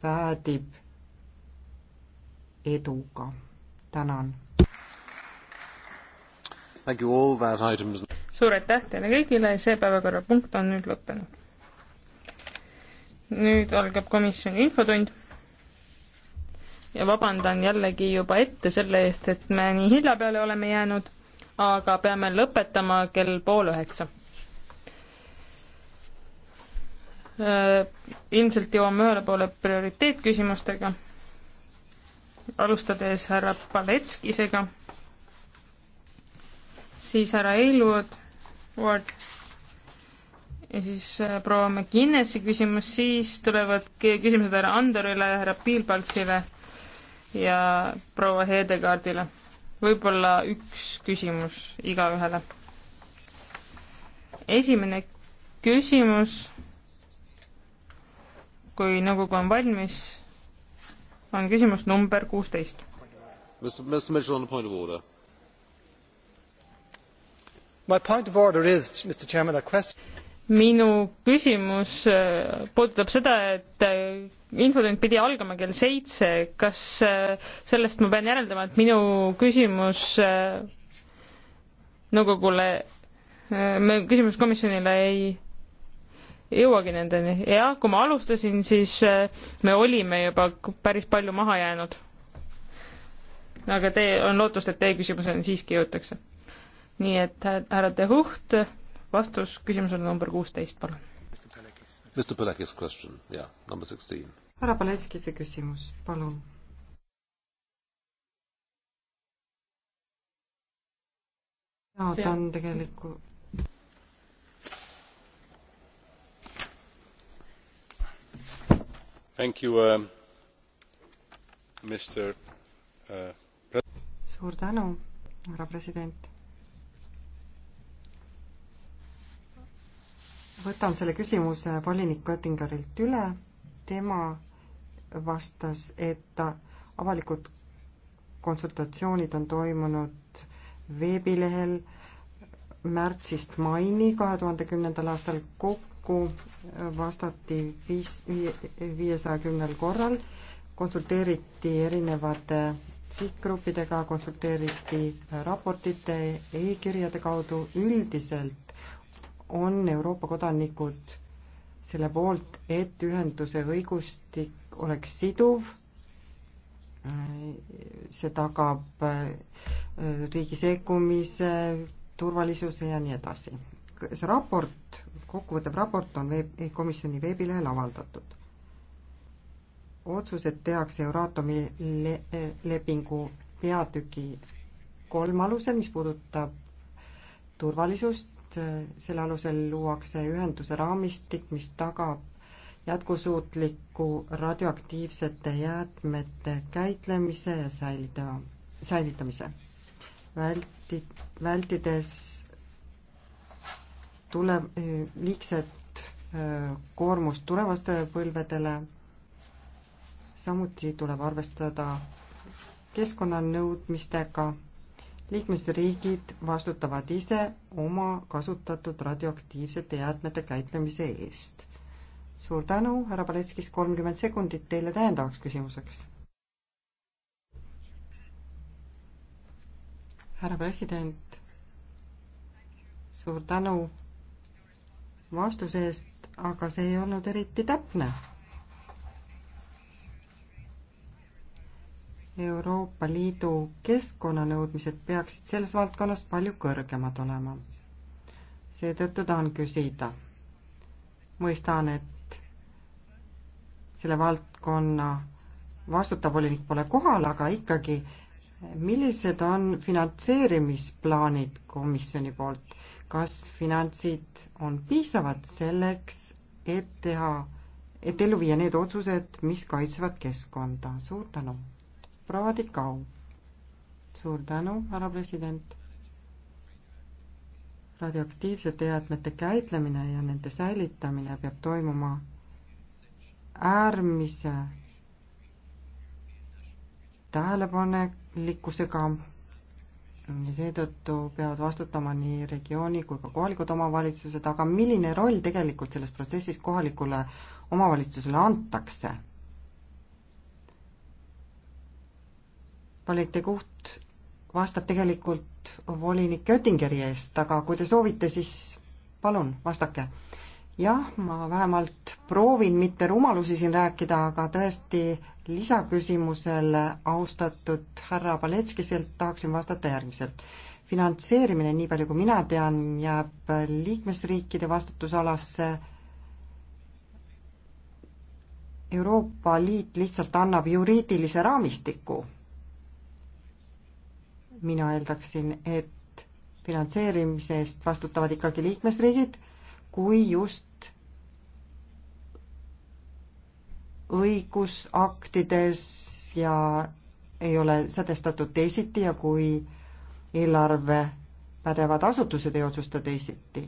päädib eduga. tänan. suur aitäh teile kõigile, see päevakorrapunkt on nüüd lõppenud. nüüd algab komisjoni infotund ja vabandan jällegi juba ette selle eest, et me nii hilja peale oleme jäänud, aga peame lõpetama kell pool üheksa Äh, ilmselt jõuame ühele poole prioriteetküsimustega, alustades härra Paletskisega, siis härra Eilwood, Ward ja siis äh, proua McGinnesi küsimus, siis tulevad küsimused härra Andorile, härra Piilpalkile ja proua Hedegaardile. võib-olla üks küsimus igaühele. esimene küsimus kui nõukogu on valmis, on küsimus number kuusteist. minu küsimus äh, puudutab seda, et äh, infotund pidi algama kell seitse, kas äh, sellest ma pean järeldama, et minu küsimus nõukogule, küsimus komisjonile ei ei jõuagi nendeni. jah, kui ma alustasin, siis äh, me olime juba päris palju maha jäänud. aga teie, on lootust, et teie küsimuseni siiski jõutakse. nii et härra De Hucht, vastus küsimusele number kuusteist, palun. Mr Pelekis question, jah yeah,, number sixteen. härra Peleskise küsimus, palun jaa, ta on tegelikult Uh, uh, suur tänu härra president võtan selle küsimuse volinik Göttingerilt üle tema vastas et ta avalikud konsultatsioonid on toimunud veebilehel märtsist maini kahe tuhande kümnendal aastal kokku kokku äh, vastati viis, viiesaja kümnel korral, konsulteeriti erinevate sihtgruppidega, konsulteeriti äh, raportite e, e-kirjade kaudu, üldiselt on Euroopa kodanikud selle poolt, et ühenduse õigustik oleks siduv, äh, see tagab riigi sekkumise, turvalisuse ja nii edasi. see raport kokkuvõttev raport on veeb, eh, komisjoni veebilehel avaldatud. otsused tehakse Euratomi le, eh, lepingu peatüki kolm alusel, mis puudutab turvalisust, selle alusel luuakse ühenduse raamistik, mis tagab jätkusuutliku radioaktiivsete jäätmete käitlemise ja säilitava, säilitamise välti-, vältides tule, liigset äh, koormust tulevastele põlvedele. samuti tuleb arvestada keskkonnanõudmistega. liikmesriigid vastutavad ise oma kasutatud radioaktiivsete jäätmete käitlemise eest. suur tänu, härra Paletskis, kolmkümmend sekundit teile täiendavaks küsimuseks. härra president, suur tänu vastuse eest, aga see ei olnud eriti täpne. Euroopa Liidu keskkonnanõudmised peaksid selles valdkonnas palju kõrgemad olema. seetõttu tahan küsida. mõistan, et selle valdkonna vastutav volinik pole kohal, aga ikkagi, millised on finantseerimisplaanid komisjoni poolt? kas finantsid on piisavad selleks, et teha, et ellu viia need otsused, mis kaitsevad keskkonda. suur tänu. proua Tikau. suur tänu, härra president. radioaktiivsete jäätmete käitlemine ja nende säilitamine peab toimuma äärmise tähelepanelikkusega ja seetõttu peavad vastutama nii regiooni kui ka kohalikud omavalitsused, aga milline roll tegelikult selles protsessis kohalikule omavalitsusele antakse? Palete Kuht vastab tegelikult volinik Oettingeri eest, aga kui te soovite, siis palun vastake jah, ma vähemalt proovin mitte rumalusi siin rääkida, aga tõesti lisaküsimusele austatud härra Paletskiselt tahaksin vastata järgmiselt. finantseerimine, nii palju kui mina tean, jääb liikmesriikide vastutusalasse. Euroopa Liit lihtsalt annab juriidilise raamistiku. mina eeldaksin, et finantseerimise eest vastutavad ikkagi liikmesriigid kui just õigusaktides ja ei ole sätestatud teisiti ja kui eelarve pädevad asutused ei otsusta teisiti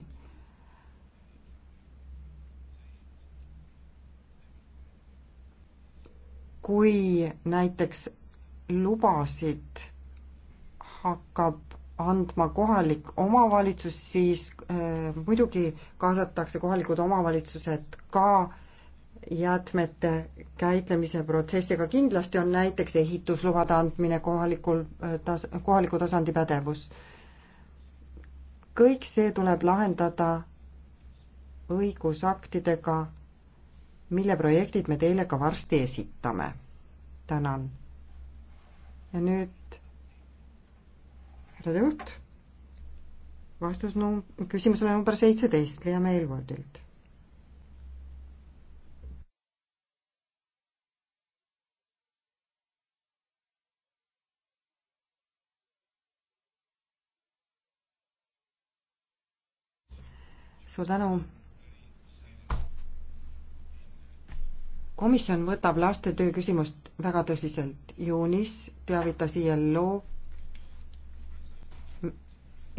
kui näiteks lubasid hakkab andma kohalik omavalitsus, siis äh, muidugi kaasatakse kohalikud omavalitsused ka jäätmete käitlemise protsessi, aga kindlasti on näiteks ehituslubade andmine kohalikul äh, tas-, kohaliku tasandi pädevus. kõik see tuleb lahendada õigusaktidega, mille projektid me teile ka varsti esitame. tänan. ja nüüd härra Tõut. vastus num-, küsimusele number seitseteist Liia Meilvoldilt. suur tänu komisjon võtab lastetöö küsimust väga tõsiselt. juunis teavitas ILO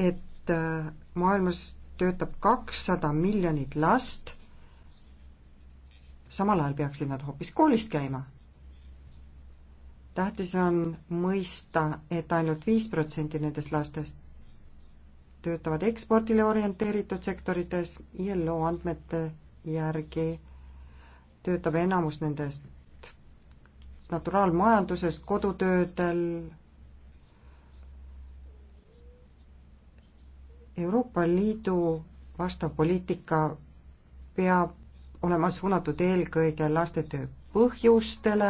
et äh, maailmas töötab kakssada miljonit last, samal ajal peaksid nad hoopis koolist käima. tähtis on mõista, et ainult viis protsenti nendest lastest töötavad ekspordile orienteeritud sektorites, ILO andmete järgi töötab enamus nendest naturaalmajanduses, kodutöödel, Euroopa Liidu vastav poliitika peab olema suunatud eelkõige lastetöö põhjustele.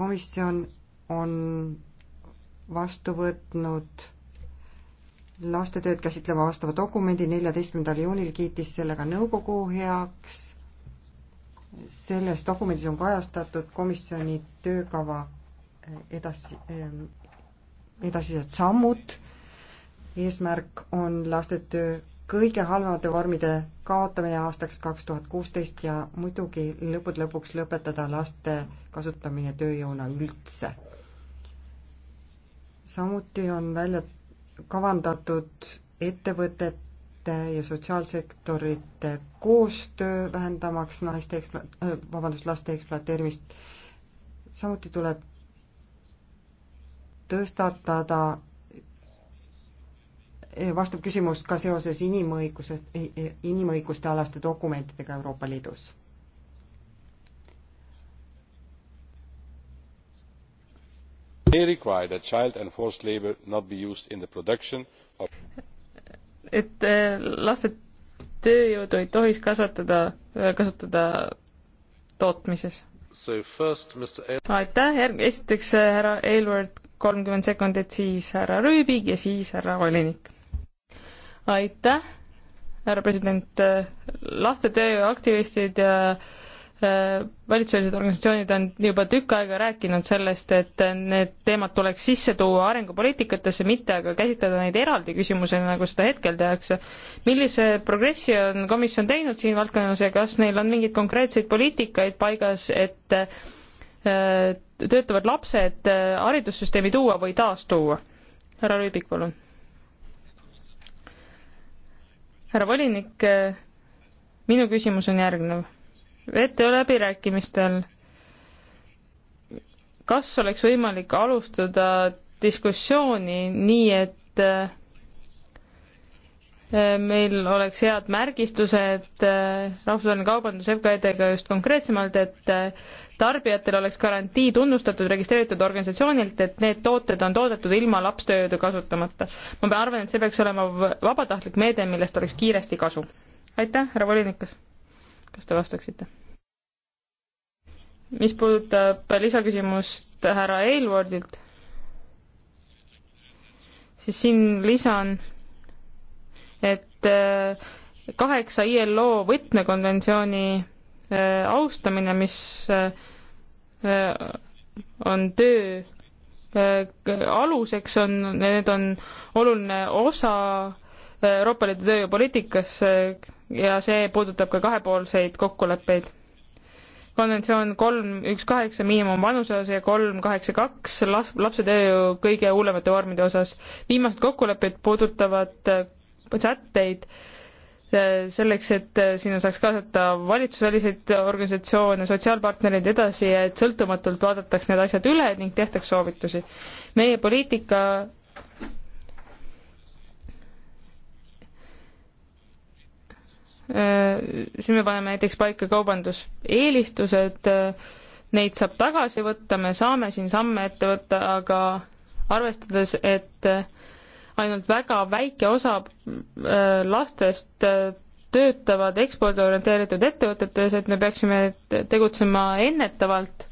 komisjon on vastu võtnud lastetööd käsitleva vastava dokumendi, neljateistkümnendal juunil kiitis sellega nõukogu heaks. selles dokumendis on kajastatud komisjoni töökava edasi, edasised sammud. eesmärk on lastetöö kõige halvemate vormide kaotamine aastaks kaks tuhat kuusteist ja muidugi lõppude lõpuks lõpetada laste kasutamine tööjõuna üldse. samuti on välja kavandatud ettevõtete ja sotsiaalsektorite koostöö vähendamaks naiste ekspla-, äh, vabandust, laste ekspluateerimist. samuti tuleb tõstatada eh, vastav küsimus ka seoses inimõiguse, eh, eh, inimõiguste alaste dokumentidega Euroopa Liidus may require that child and forced labour not be used in the production of et laste tööjõudu ei tohiks kasutada, kasutada tootmises. aitäh, järg-, esiteks härra Aylward kolmkümmend sekundit, siis härra Rüübik ja siis härra volinik. aitäh, härra president, laste tööaktivistid ja äh, valitsusvälised organisatsioonid on juba tükk aega rääkinud sellest, et need teemad tuleks sisse tuua arengupoliitikatesse, mitte aga käsitleda neid eraldi küsimusena, nagu seda hetkel tehakse. millise progressi on komisjon teinud siin valdkonnas ja kas neil on mingeid konkreetseid poliitikaid paigas, et äh, töötavad lapsed äh, haridussüsteemi tuua või taastuua? härra Rüübik, palun. härra volinik, äh, minu küsimus on järgnev. WTO läbirääkimistel, kas oleks võimalik alustada diskussiooni nii, et äh, meil oleks head märgistused, rahvusvaheline kaubandus FKD-ga e just konkreetsemalt, et tarbijatel oleks garantii tunnustatud registreeritud organisatsioonilt, et need tooted on toodetud ilma lapstööjõudu kasutamata. ma arvan, et see peaks olema vabatahtlik meede, millest oleks kiiresti kasu. aitäh, härra volinik, kas te vastaksite? mis puudutab lisaküsimust härra Aylwardilt, siis siin lisan, et äh, kaheksa ILO võtmekonventsiooni äh, austamine, mis äh, Äh, on töö äh, aluseks on, need on oluline osa äh, Euroopa Liidu tööjõupoliitikas ja see puudutab ka kahepoolseid kokkuleppeid. konventsioon kolm üks kaheksa miinimumvanuse osas ja kolm kaheksa kaks laps, lapse tööjõu kõige hullemate vormide osas. viimased kokkulepped puudutavad sätteid äh, selleks, et sinna saaks kaasata valitsusväliseid organisatsioone, sotsiaalpartnereid edasi ja et sõltumatult vaadataks need asjad üle ning tehtaks soovitusi. meie poliitika äh, siin me paneme näiteks paika kaubanduseelistused, äh, neid saab tagasi võtta, me saame siin samme ette võtta, aga arvestades, et äh, ainult väga väike osa äh, lastest äh, töötavad ekspordiorienteeritud ettevõtetes, et me peaksime tegutsema ennetavalt,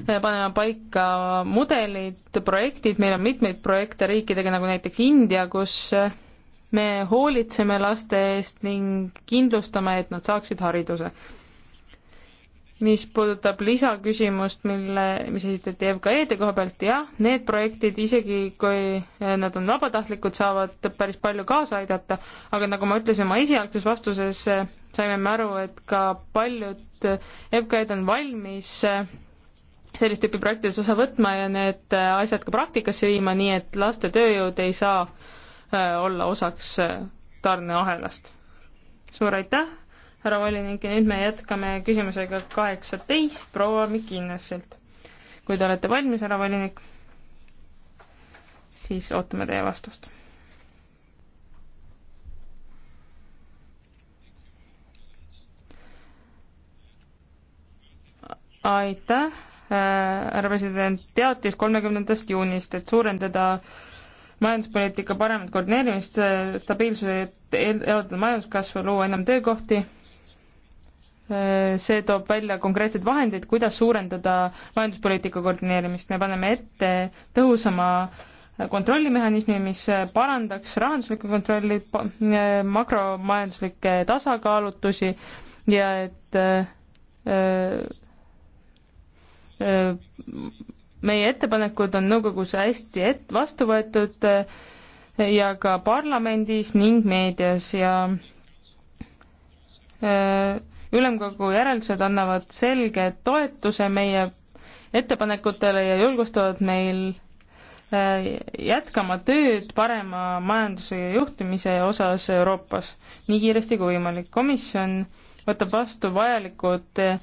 äh, panema paika mudelid, projektid, meil on mitmeid projekte riikidega, nagu näiteks India, kus me hoolitseme laste eest ning kindlustame, et nad saaksid hariduse mis puudutab lisaküsimust, mille, mis esitati FKE-de koha pealt, jah, need projektid, isegi kui eh, nad on vabatahtlikud, saavad päris palju kaasa aidata, aga nagu ma ütlesin oma esialgses vastuses, eh, saime me aru, et ka paljud eh, FKE-d on valmis sellist tüüpi projektides osa võtma ja need asjad ka praktikasse viima, nii et laste tööjõud ei saa olla osaks tarneahelast. suur aitäh härra volinik ja nüüd me jätkame küsimusega kaheksateist proua Mikinnaselt. kui te olete valmis, härra volinik, siis ootame teie vastust. aitäh, härra president teatis kolmekümnendast juunist, et suurendada majanduspoliitika paremat koordineerimist, stabiilsuse, elavdada majanduskasvu, luua enam töökohti Äh, see toob välja konkreetsed vahendid, kuidas suurendada majanduspoliitika koordineerimist, me paneme ette tõhusama kontrollimehhanismi, mis parandaks rahanduslikku kontrolli, äh, makromajanduslikke tasakaalutusi ja et äh, äh, äh, meie ettepanekud on nõukogus hästi et-, vastu võetud äh, ja ka parlamendis ning meedias ja ülemkogu järeldused annavad selge toetuse meie ettepanekutele ja julgustavad meil äh, jätkama tööd parema majanduse ja juhtimise osas Euroopas nii kiiresti kui võimalik. komisjon võtab vastu vajalikud äh,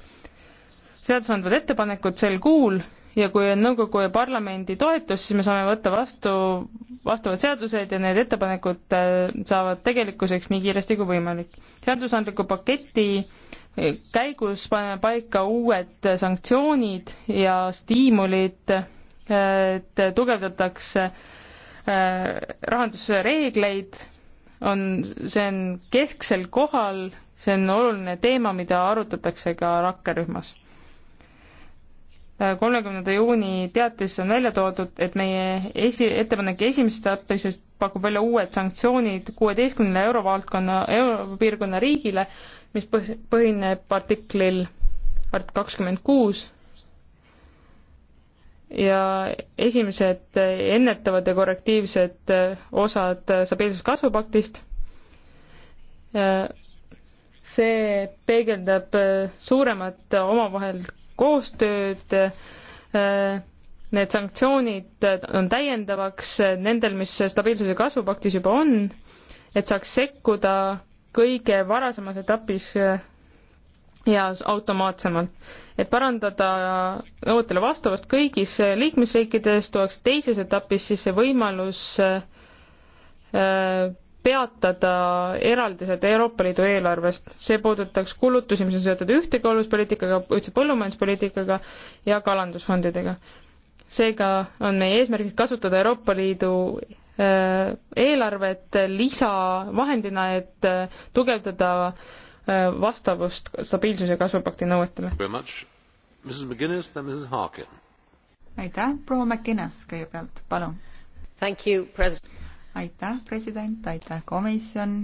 seadusandvad ettepanekud sel kuul ja kui on nõukogu ja parlamendi toetus, siis me saame võtta vastu vastavad seadused ja need ettepanekud äh, saavad tegelikkuseks nii kiiresti kui võimalik. seadusandliku paketi käigus paneme paika uued sanktsioonid ja stiimulid, et tugevdatakse äh, rahandusreegleid, on, see on kesksel kohal, see on oluline teema, mida arutatakse ka rakkerühmas. Äh, kolmekümnenda juuni teates on välja toodud, et meie esi, ettepanek esimesest etapist pakub välja uued sanktsioonid kuueteistkümnele eurovaldkonna, europiirkonna riigile, mis põhineb artiklil art kakskümmend kuus ja esimesed ennetavad ja korrektiivsed osad stabiilsuskasvupaktist. see peegeldab suuremat omavahel koostööd. Need sanktsioonid on täiendavaks nendel, mis stabiilsuse kasvupaktis juba on, et saaks sekkuda kõige varasemas etapis äh, ja automaatsemalt. et parandada nõuetele äh, vastavust kõigis äh, liikmesriikides, tuleks teises etapis siis see võimalus peatada eraldised Euroopa Liidu eelarvest. see puudutaks kulutusi, mis on seotud ühtekuuluvuspoliitikaga, ühtse põllumajanduspoliitikaga ja kalandusfondidega. seega on meie eesmärgiks kasutada Euroopa Liidu Äh, eelarvet lisavahendina, et äh, tugevdada äh, vastavust stabiilsuse kasvupakti nõuetele. aitäh, proua McInnes kõigepealt, palun. aitäh, president, aitäh, komisjon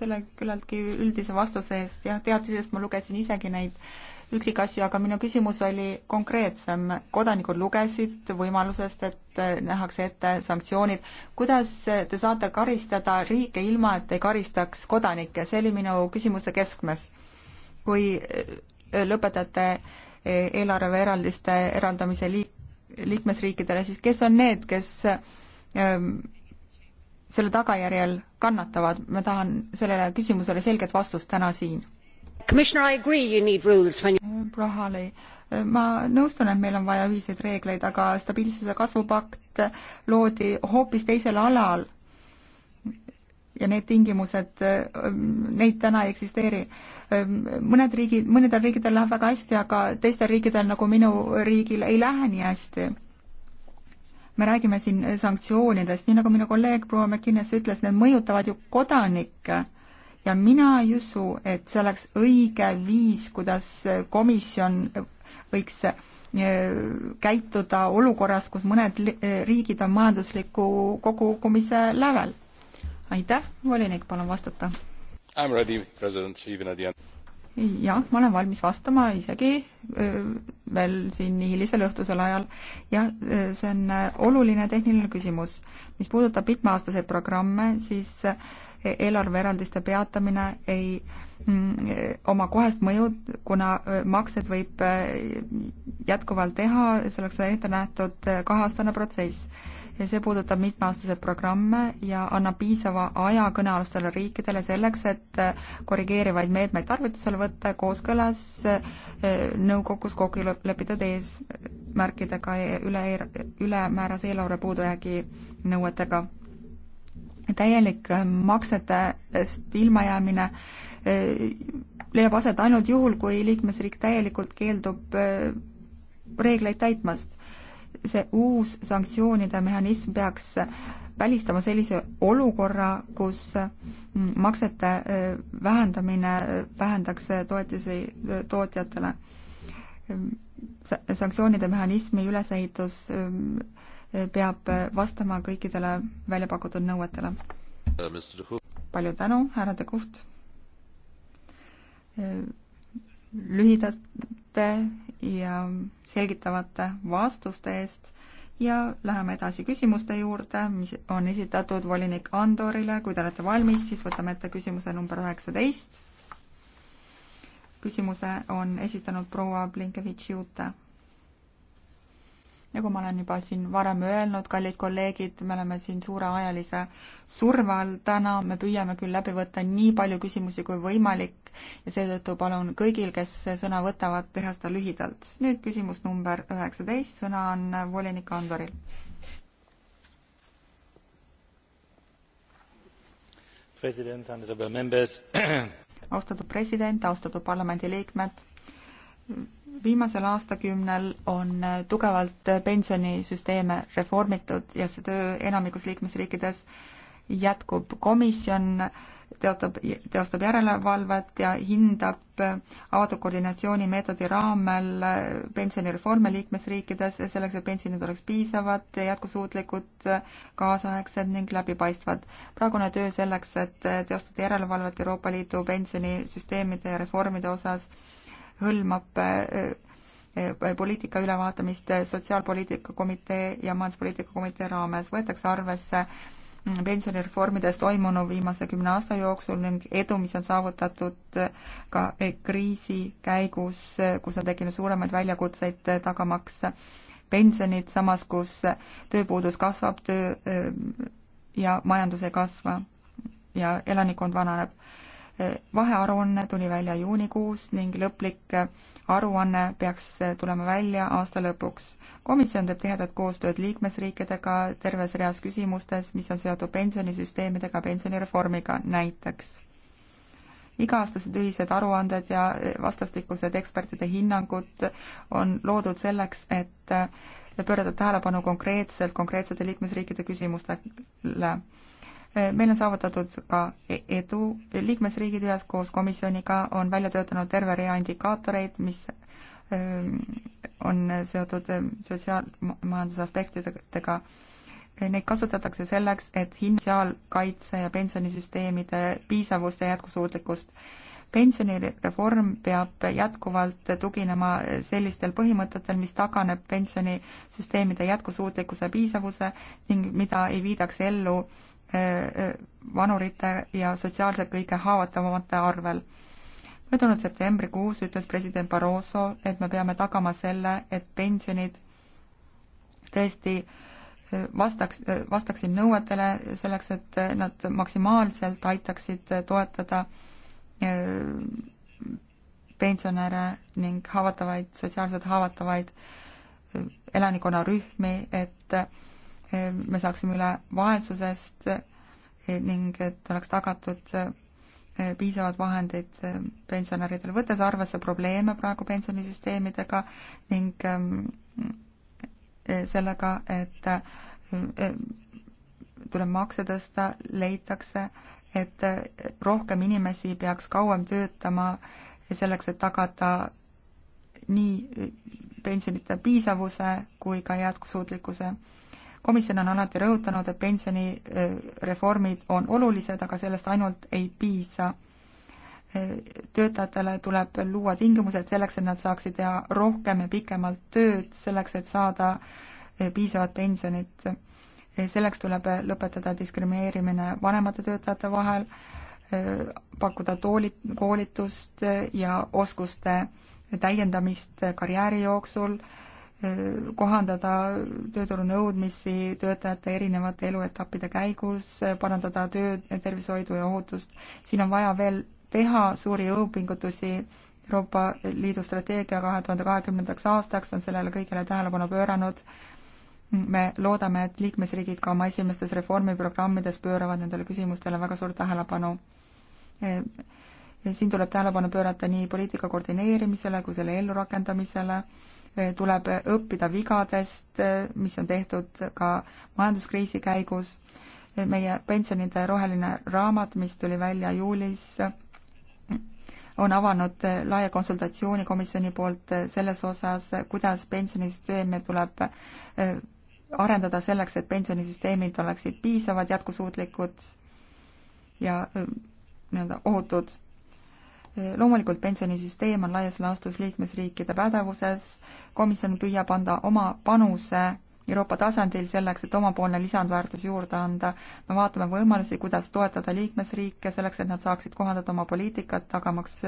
selle küllaltki üldise vastuse eest, jah, teadusest ma lugesin isegi neid äh, üksikasju, aga minu küsimus oli konkreetsem. kodanikud lugesid võimalusest, et äh, nähakse ette sanktsioonid. kuidas te saate karistada riike ilma, et ei karistaks kodanikke, see oli minu küsimuse keskmes. kui äh, lõpetate äh, eelarveeraldiste eraldamise liik-, liikmesriikidele, siis kes on need, kes ähm, selle tagajärjel kannatavad, ma tahan sellele küsimusele selget vastust täna siin proua mm, Haley, ma nõustun, et meil on vaja ühiseid reegleid, aga stabiilsuse kasvupakt loodi hoopis teisel alal ja need tingimused, ähm, neid täna ei eksisteeri. Ähm, mõned riigid, mõnedel riikidel läheb väga hästi, aga teistel riikidel, nagu minu riigil, ei lähe nii hästi. me räägime siin sanktsioonidest, nii nagu minu kolleeg proua McInnes ütles, need mõjutavad ju kodanikke ja mina ei usu, et see oleks õige viis, kuidas komisjon võiks äh, käituda olukorras, kus mõned riigid on majandusliku kogukumise lävel. aitäh, volinik, palun vastata. jah, ma olen valmis vastama isegi äh, veel siin hilisel õhtusel ajal. jah, äh, see on oluline tehniline küsimus. mis puudutab mitmeaastaseid programme, siis äh, eelarveeraldiste peatamine ei mm, oma kohest mõju, kuna maksed võib jätkuvalt teha, selleks on ette nähtud kaheaastane protsess. ja see puudutab mitmeaastaseid programme ja annab piisava aja kõnealustele riikidele selleks, et korrigeerivaid meetmeid tarvitusele võtta kooskõlas nõukogus kokku lepitud eesmärkidega ja üle, ülemäärase eelarve puudujäägi nõuetega täielik äh, maksetest ilmajäämine äh, leiab aset ainult juhul, kui liikmesriik täielikult keeldub äh, reegleid täitmast. see uus sanktsioonide mehhanism peaks välistama sellise olukorra, kus maksete vähendamine vähendaks toetusi tootjatele sanktsioonide mehhanismi ülesehitus ähm, peab vastama kõikidele välja pakutud nõuetele. Uh, palju tänu, härra De Kuht! Eh, lühidate ja selgitavate vastuste eest ja läheme edasi küsimuste juurde, mis on esitatud volinik Andorile. kui te olete valmis, siis võtame ette küsimuse number üheksateist. küsimuse on esitanud proua Blinkevitš-Jute nagu ma olen juba siin varem öelnud, kallid kolleegid, me oleme siin suure ajalise surve all täna, me püüame küll läbi võtta nii palju küsimusi kui võimalik ja seetõttu palun kõigil, kes sõna võtavad, teha seda lühidalt. nüüd küsimus number üheksateist, sõna on volinik Andoril. president, austatud president, austatud parlamendiliikmed, viimasel aastakümnel on tugevalt pensionisüsteeme reformitud ja see töö enamikus liikmesriikides jätkub. komisjon teostab, teostab järelevalvet ja hindab avatud koordinatsioonimeetodi raamel pensionireforme liikmesriikides selleks, et pensionid oleks piisavad, jätkusuutlikud, kaasaegsed ning läbipaistvad. praegune töö selleks, et teostada järelevalvet Euroopa Liidu pensionisüsteemide ja reformide osas hõlmab eh, eh, eh, poliitika ülevaatamist Sotsiaalpoliitika Komitee ja Majanduspoliitika Komitee raames, võetakse arvesse mm, pensionireformides toimunu viimase kümne aasta jooksul ning edu, mis on saavutatud ka kriisi käigus, kus on tekkinud suuremaid väljakutseid tagamaks pensionid, samas kus tööpuudus kasvab, töö ja majandus ei kasva ja elanikkond vananeb vahearuanne tuli välja juunikuus ning lõplik äh, aruanne peaks äh, tulema välja aasta lõpuks. komisjon teeb tihedat koostööd liikmesriikidega terves reas küsimustes, mis on seotud pensionisüsteemidega, pensionireformiga näiteks. iga-aastased ühised aruanded ja äh, vastastikused ekspertide hinnangud on loodud selleks, et pöörata tähelepanu konkreetselt konkreetsete liikmesriikide küsimustele Äh, meil on saavutatud ka e-, edu, liikmesriigid üheskoos komisjoniga on välja töötanud terve rea indikaatoreid, mis äh, on seotud äh, sotsiaalmajanduse aspektidega. Neid kasutatakse selleks, et hinna sotsiaalkaitse ja pensionisüsteemide piisavust ja jätkusuutlikkust. pensionireform peab jätkuvalt tuginema sellistel põhimõtetel, mis taganeb pensionisüsteemide jätkusuutlikkuse piisavuse ning mida ei viidaks ellu äh, Äh, äh, vanurite ja sotsiaalselt kõige haavatavamate arvel. möödunud septembrikuus ütles president Barroso, et me peame tagama selle, et pensionid tõesti äh, vastaks, vastaksid nõuetele selleks, et nad maksimaalselt aitaksid toetada pensionäre ning haavatavaid, sotsiaalselt haavatavaid elanikkonnarühmi, et me saaksime üle vaesusest eh, ning et oleks tagatud eh, piisavad vahendid eh, pensionäridele, võttes arvesse probleeme praegu pensionisüsteemidega ning ehm, sellega, et tuleb makse tõsta, leitakse, et rohkem inimesi peaks kauem töötama selleks, et tagada nii pensionite piisavuse kui ka jätkusuutlikkuse komisjon on alati rõhutanud, et pensionireformid äh, on olulised, aga sellest ainult ei piisa. Äh, töötajatele tuleb luua tingimused selleks, et nad saaksid teha rohkem ja pikemalt tööd, selleks et saada äh, piisavat pensionit. selleks tuleb lõpetada diskrimineerimine vanemate töötajate vahel, pakkuda tooli, koolitust ja oskuste täiendamist karjääri jooksul kohandada tööturu nõudmisi töötajate erinevate eluetappide käigus, parandada töö, tervishoidu ja ohutust. siin on vaja veel teha suuri jõupingutusi. Euroopa Liidu strateegia kahe tuhande kahekümnendaks aastaks on sellele kõigele tähelepanu pööranud. me loodame, et liikmesriigid ka oma esimestes reformiprogrammides pööravad nendele küsimustele väga suurt tähelepanu siin tuleb tähelepanu pöörata nii poliitika koordineerimisele kui selle ellurakendamisele Äh, tuleb õppida vigadest, äh, mis on tehtud ka majanduskriisi käigus, äh, meie pensionide roheline raamat, mis tuli välja juulis, on avanud laia konsultatsiooni komisjoni poolt selles osas, kuidas pensionisüsteeme tuleb arendada selleks, et pensionisüsteemid oleksid piisavad, jätkusuutlikud ja nii-öelda ohutud. loomulikult pensionisüsteem on laias laastus liikmesriikide pädevuses, komisjon püüab anda oma panuse Euroopa tasandil selleks, et omapoolne lisandväärtus juurde anda. me vaatame võimalusi, kuidas toetada liikmesriike selleks, et nad saaksid kohandada oma poliitikat, tagamaks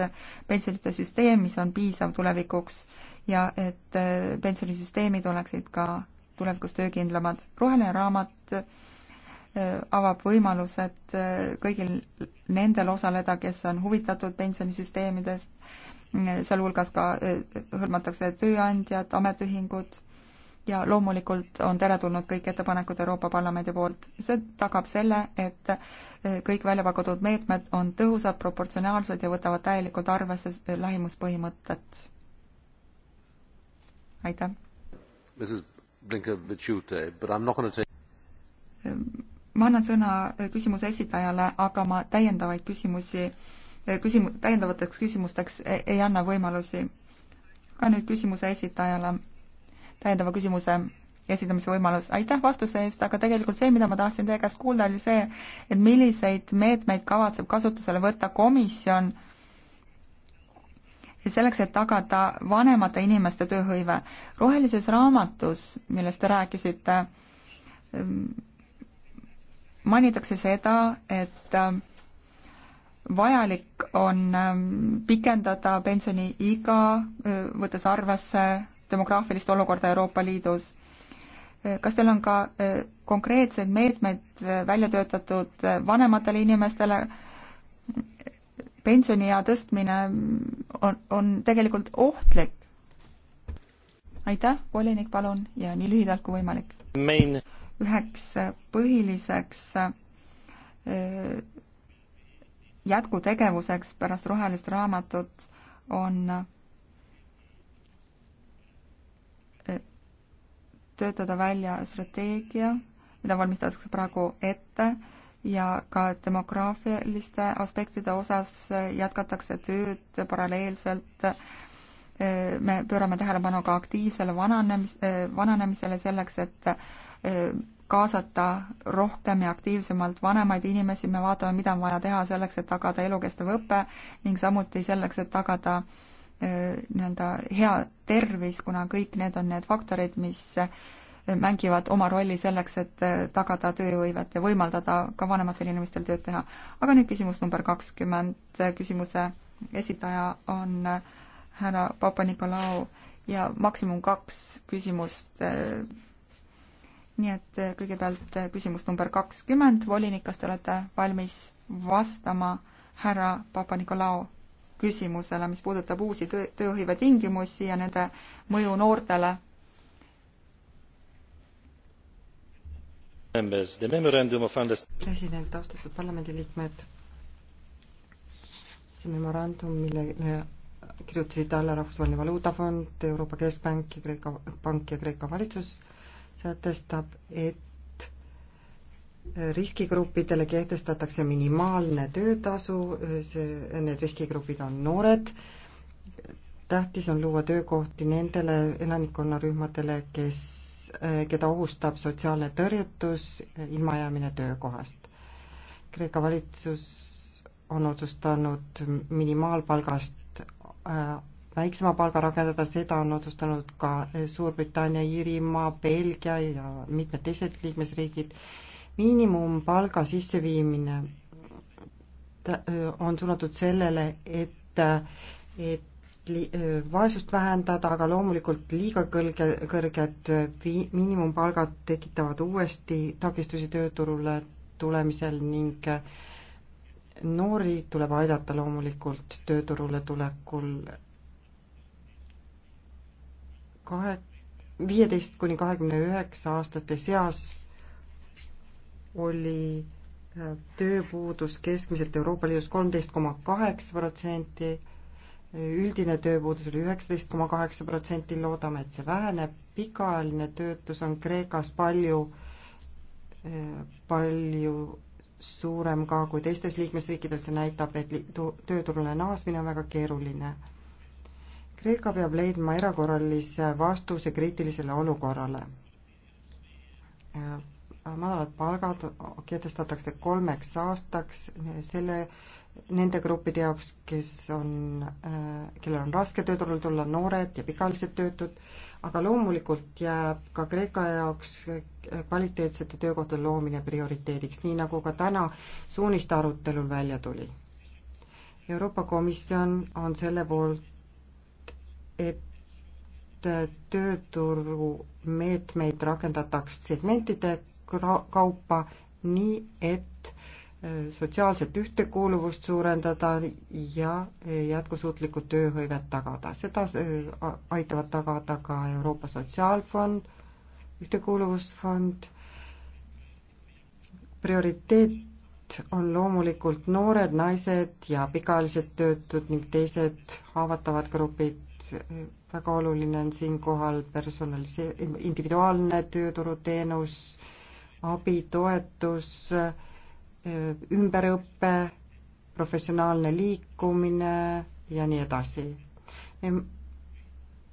pensionite süsteem, mis on piisav tulevikuks ja et äh, pensionisüsteemid oleksid ka tulevikus töökindlamad. roheline raamat äh, avab võimalused äh, kõigil nendel osaleda, kes on huvitatud pensionisüsteemidest sealhulgas ka äh, hõlmatakse tööandjad, ametiühingud ja loomulikult on teretulnud kõik ettepanekud Euroopa Parlamendi poolt. see tagab selle, et äh, kõik välja pakutud meetmed on tõhusad, proportsionaalsed ja võtavad täielikult arvesse äh, lähimuspõhimõtet. aitäh. ma annan sõna küsimuse esitajale, aga ma täiendavaid küsimusi Eh, küsimu-, täiendavateks küsimusteks ei, ei anna võimalusi. ka nüüd küsimuse esitajale täiendava küsimuse esitamise võimalus. aitäh vastuse eest, aga tegelikult see, mida ma tahtsin teie käest kuulda, oli see, et milliseid meetmeid kavatseb kasutusele võtta komisjon selleks, et tagada vanemate inimeste tööhõive. rohelises raamatus, millest te rääkisite, mm, mainitakse seda, et äh, vajalik on ähm, pikendada pensioniiga, äh, võttes arvesse demograafilist olukorda Euroopa Liidus. Äh, kas teil on ka äh, konkreetseid meetmeid välja töötatud vanematele inimestele? pensioniea tõstmine mm, on, on tegelikult ohtlik. aitäh, volinik, palun, ja nii lühidalt kui võimalik. üheks põhiliseks jätkutegevuseks pärast rohelist raamatut on eh, töötada välja strateegia, mida valmistatakse praegu ette ja ka demograafiliste aspektide osas jätkatakse tööd paralleelselt. Eh, me pöörame tähelepanu ka aktiivsele vananemis, eh, vananemisele selleks, et kaasata rohkem ja aktiivsemalt vanemaid inimesi, me vaatame, mida on vaja teha selleks, et tagada elukestev õpe ning samuti selleks, et tagada äh, nii-öelda hea tervis, kuna kõik need on need faktorid, mis äh, mängivad oma rolli selleks, et äh, tagada tööhõivet ja võimaldada ka vanematel inimestel tööd teha. aga nüüd küsimus number kakskümmend, küsimuse esitaja on härra Papa-Nikolau ja maksimum kaks küsimust nii et äh, kõigepealt äh, küsimus number kakskümmend, volinik, kas te olete valmis vastama härra Papa-Nikolau küsimusele, mis puudutab uusi töö, tööhõive tingimusi ja nende mõju noortele? president, austatud parlamendiliikmed, see memorandum, millele äh, kirjutasid alla Rahvusvaheline Valuutafond, Euroopa Keskpank ja Kreeka pank ja Kreeka valitsus, sätestab, et riskigruppidele kehtestatakse minimaalne töötasu, see, need riskigrupid on noored, tähtis on luua töökohti nendele elanikkonnarühmadele, kes, keda ohustab sotsiaalne tõrjutus, ilmajäämine töökohast. Kreeka valitsus on otsustanud minimaalpalgast äh, väiksema palga rakendada, seda on otsustanud ka Suurbritannia, Iirimaa, Belgia ja mitmed teised liikmesriigid. miinimumpalga sisseviimine on suunatud sellele, et, et vaesust vähendada, aga loomulikult liiga kõrge, kõrged miinimumpalgad tekitavad uuesti takistusi tööturule tulemisel ning noori tuleb aidata loomulikult tööturule tulekul kahe, viieteist kuni kahekümne üheksa aastate seas oli äh, tööpuudus keskmiselt Euroopa Liidus kolmteist koma kaheksa protsenti, üldine tööpuudus oli üheksateist koma kaheksa protsenti, loodame, et see väheneb, pikaajaline töötus on Kreekas palju, äh, palju suurem ka kui teistes liikmesriikides, see näitab, et tööturule naasmine on väga keeruline Kreeka peab leidma erakorralise vastuse kriitilisele olukorrale. Äh, madalad palgad kehtestatakse kolmeks aastaks selle, nende gruppide jaoks, kes on, äh, kellel on raske tööturul tulla, noored ja pikaajalised töötud, aga loomulikult jääb ka Kreeka jaoks kvaliteetsete töökohtade loomine prioriteediks, nii nagu ka täna suuniste arutelul välja tuli. Euroopa Komisjon on selle poolt et tööturumeetmeid rakendataks segmentide kaupa, nii et äh, sotsiaalset ühtekuuluvust suurendada ja äh, jätkusuutlikku tööhõivet tagada. seda äh, aitavad tagada ka Euroopa Sotsiaalfond, Ühtekuuluvusfond, prioriteet on loomulikult noored naised ja pikaajalised töötud ning teised haavatavad grupid, väga oluline on siinkohal personalise-, individuaalne tööturuteenus, abi, toetus, ümberõpe, professionaalne liikumine ja nii edasi.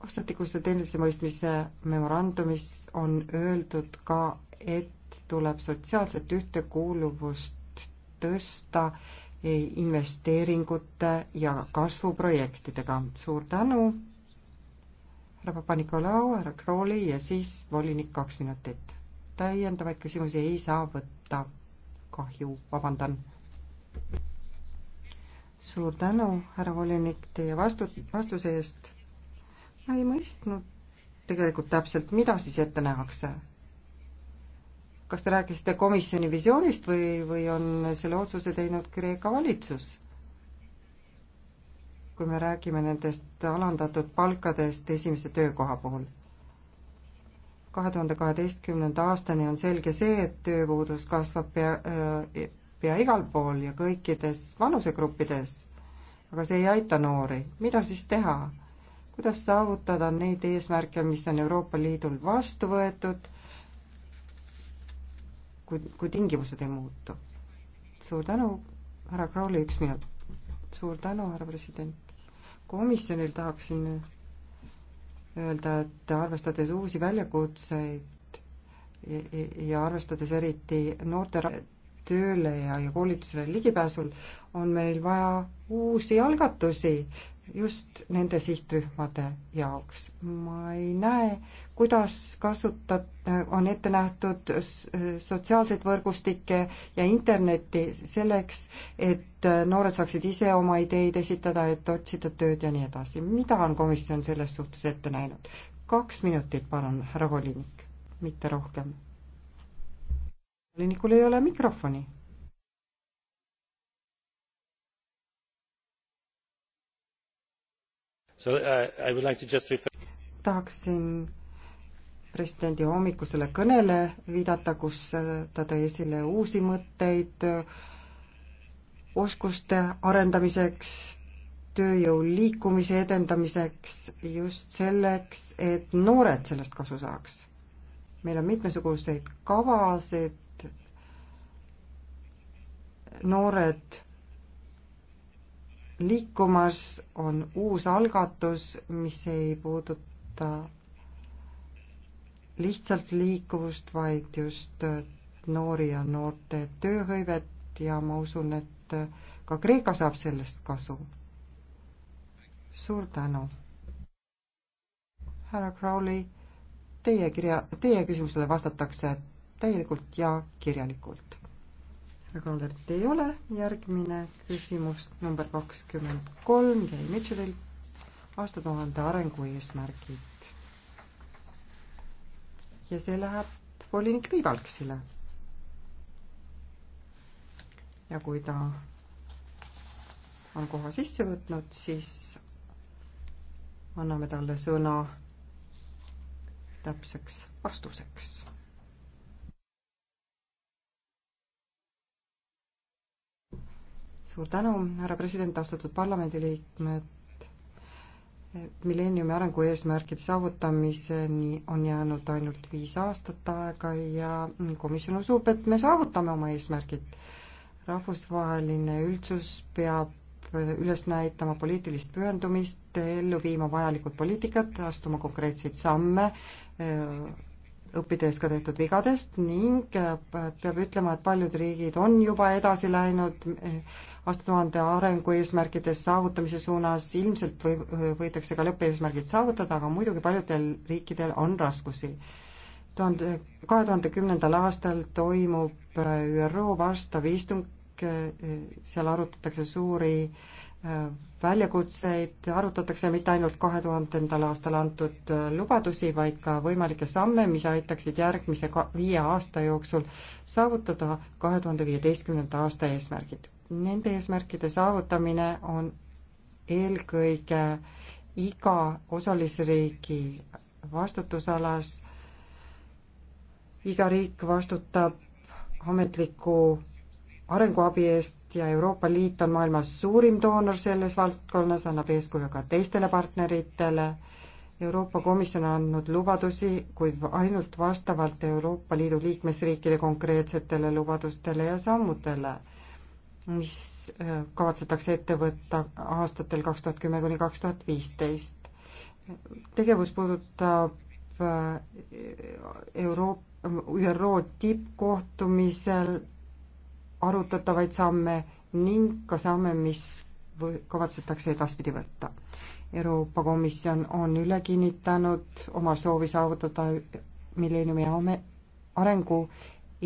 vastastikuse teenuse mõistmise memorandumis on öeldud ka, et tuleb sotsiaalset ühtekuuluvust tõsta investeeringute ja kasvuprojektidega. suur tänu, härra Papa-Nikolau, härra Krooli ja siis volinik kaks minutit. täiendavaid küsimusi ei saa võtta. kahju, vabandan. suur tänu, härra volinik, teie vastu, vastuse eest. ma ei mõistnud tegelikult täpselt, mida siis ette nähakse kas te rääkisite komisjoni visioonist või, või on selle otsuse teinud Kreeka valitsus? kui me räägime nendest alandatud palkadest esimese töökoha puhul. kahe tuhande kaheteistkümnenda aastani on selge see, et tööpuudus kasvab pea, pea igal pool ja kõikides vanusegruppides. aga see ei aita noori, mida siis teha? kuidas saavutada neid eesmärke, mis on Euroopa Liidul vastu võetud kui, kui tingimused ei muutu. suur tänu, härra Krooli, üks minut. suur tänu, härra president. komisjonil tahaksin öelda, et arvestades uusi väljakutseid ja, ja arvestades eriti noorte tööle ja, ja koolitusele ligipääsul, on meil vaja uusi algatusi, just nende sihtrühmade jaoks. ma ei näe, kuidas kasutat-, on ette nähtud sotsiaalseid võrgustikke ja internetti selleks, et noored saaksid ise oma ideid esitada, et otsida tööd ja nii edasi. mida on komisjon selles suhtes ette näinud? kaks minutit, palun, härra volinik, mitte rohkem. volinikul ei ole mikrofoni Uh, like just... tahaksin presidendi hommikusele kõnele viidata, kus ta tõi esile uusi mõtteid äh, oskuste arendamiseks, tööjõu liikumise edendamiseks, just selleks, et noored sellest kasu saaks. meil on mitmesuguseid kavasid, äh, noored liikumas, on uus algatus, mis ei puuduta lihtsalt liikuvust, vaid just äh, noori ja noorte tööhõivet ja ma usun, et äh, ka Kreeka saab sellest kasu. suur tänu. härra Crowley, teie kirja, teie küsimusele vastatakse täielikult ja kirjalikult raportit ei ole, järgmine küsimus number kakskümmend kolm, Gay Mitchellilt aastatuhande arengu eesmärgid. ja see läheb volinik Piivalksile. ja kui ta on koha sisse võtnud, siis anname talle sõna täpseks vastuseks suur tänu, härra president, austatud parlamendiliikmed. milleeniumi arengu eesmärgide saavutamiseni on jäänud ainult viis aastat aega ja komisjon usub, et me saavutame oma eesmärgid. rahvusvaheline üldsus peab üles näitama poliitilist pühendumist, ellu viima vajalikud poliitikad, astuma konkreetseid samme õppides ka tehtud vigadest ning äh, peab ütlema, et paljud riigid on juba edasi läinud äh, aastatuhande arengueesmärkide saavutamise suunas, ilmselt või äh, võidakse ka lõppeesmärgid saavutada, aga muidugi paljudel riikidel on raskusi. tuhande, kahe tuhande kümnendal aastal toimub ÜRO vastav istung, seal arutatakse suuri väljakutseid, arutatakse mitte ainult kahe tuhandendal aastal antud äh, lubadusi, vaid ka võimalikke samme, mis aitaksid järgmise viie aasta jooksul saavutada kahe tuhande viieteistkümnenda aasta eesmärgid. Nende eesmärkide saavutamine on eelkõige iga osalisriigi vastutusalas, iga riik vastutab ametliku arenguabi eest ja Euroopa Liit on maailmas suurim doonor selles valdkonnas, annab eeskuju ka teistele partneritele. Euroopa Komisjon on andnud lubadusi, kuid ainult vastavalt Euroopa Liidu liikmesriikide konkreetsetele lubadustele ja sammudele, mis äh, kavatsetakse ette võtta aastatel kaks tuhat kümme kuni kaks tuhat viisteist. tegevus puudutab äh, Euroopa ÜRO tippkohtumisel arutatavaid samme ning ka samme, mis kavatsetakse edaspidi võtta. Euroopa Komisjon on üle kinnitanud oma soovi saavutada milleeniumi arengu